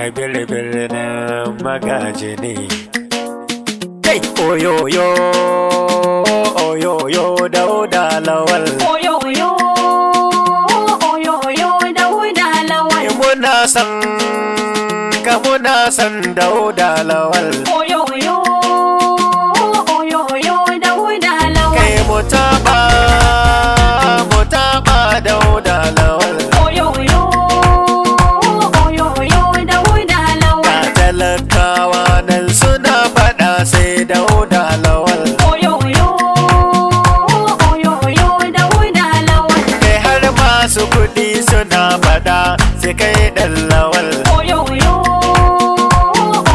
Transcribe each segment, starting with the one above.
kabir birnin magaji ne oyo, yo da da lawal Oyo oyo, yo da da lawal muna san ka muna san da lawal ce kai dan lawal oyoyo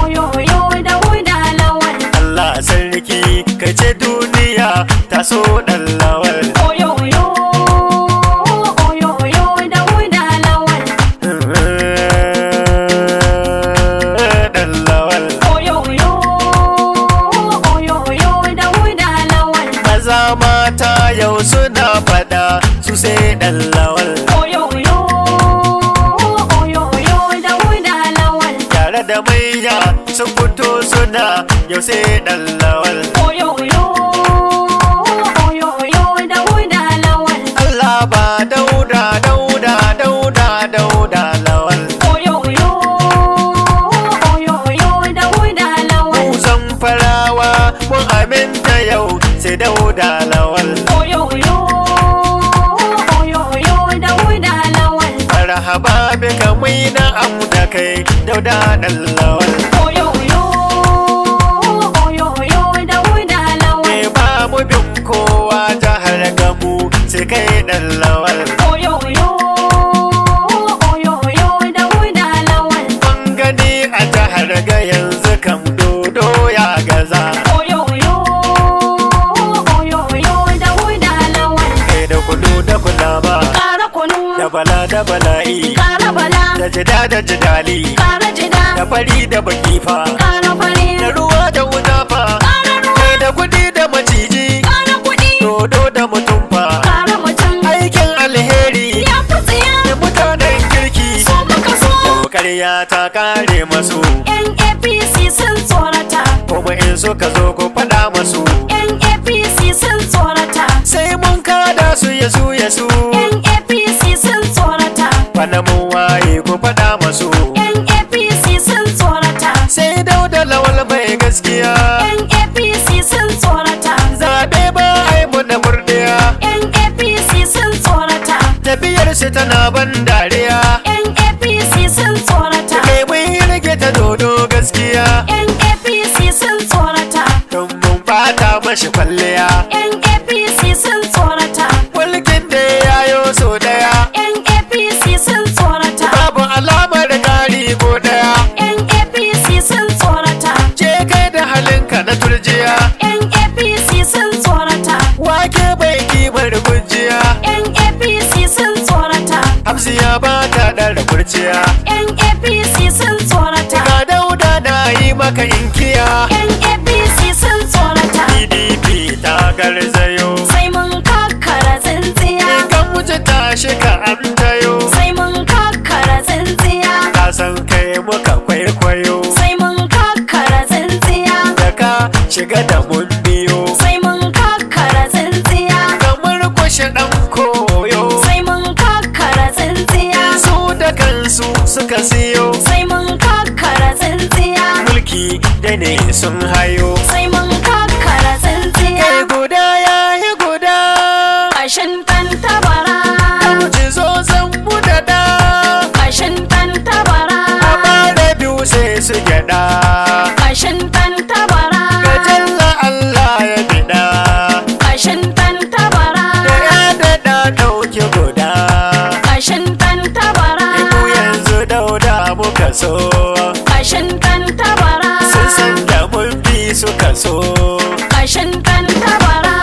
oyoyo dauda lawal Allah sarki kai ce duniya ta so dan lawal oyoyo oyoyo dauda lawal dan lawal oyoyo oyoyo dauda lawal maza mata yau suna fada su sai dan lawal ya sun fito suna yau sai dan lawal. Oyo oyo oyo oyo dauda lawal. Allah ba dauda dauda. ka bai kamai na abu da kai dauda dan lawal bala'i bala da jida da jidali kara jida da fari da baki fa fari da ruwa da wuta fa ruwa da kudi da maciji kara kudi dodo da mutum fa mutum aikin alheri ya fi tsiya da mutanen kirki so maka so ya ta kare masu yan apc sun tsorata kuma in suka zo ku faɗa masu sabon dariya NAPC apc sun tsorata kai mun rage ta dodo gaskiya NAPC apc sun tsorata don mun bata mashi kwalliya NAPC apc sun tsorata mulkin da yayo so daya NAPC apc sun tsorata babu alamar kari ko daya NAPC apc sun tsorata je kai da halinka na turjiya yan apc sun tsorata ga dauda na yi maka inkiya yan apc sun tsorata pdp ta garzayo sai mun kakkara tsintsiya kan wuce tashi ka abu ta siyo sai mun kakkara tsintsiya mulki da ne sun hayo sai mun kakkara tsintsiya kai guda ya yi guda kashin kan tabara dauji zo zan budada kashin kan tabara a bare biyu sai su gyaɗa. so ƙashin kan tabara sun san da mun suka so ƙashin kan tabara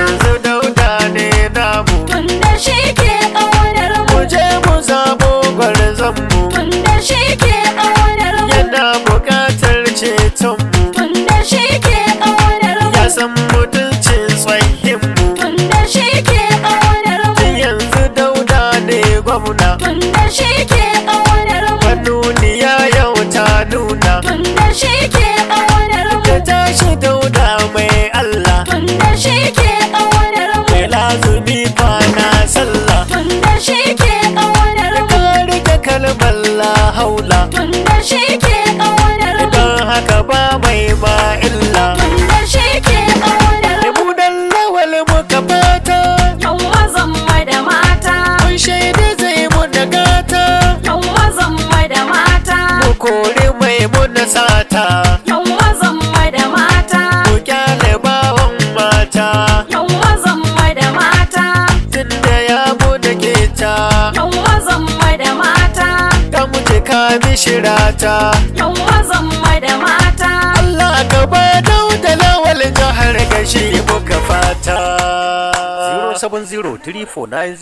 yanzu dauda ne namu tun shi ke ƙaunar mu mu je mu zabo gwarzon mu tun shi ke ƙaunar mu yana buƙatar ceton mu tun shi ke ƙaunar mu ya san mutuncin tsayin mu tun shi ke ƙaunar mu yanzu dauda ne gwamna tun shi ke it. ya bishirata Yawwa zamma da mata Allah ka ba dauda lawal jihar gashi buka fata 070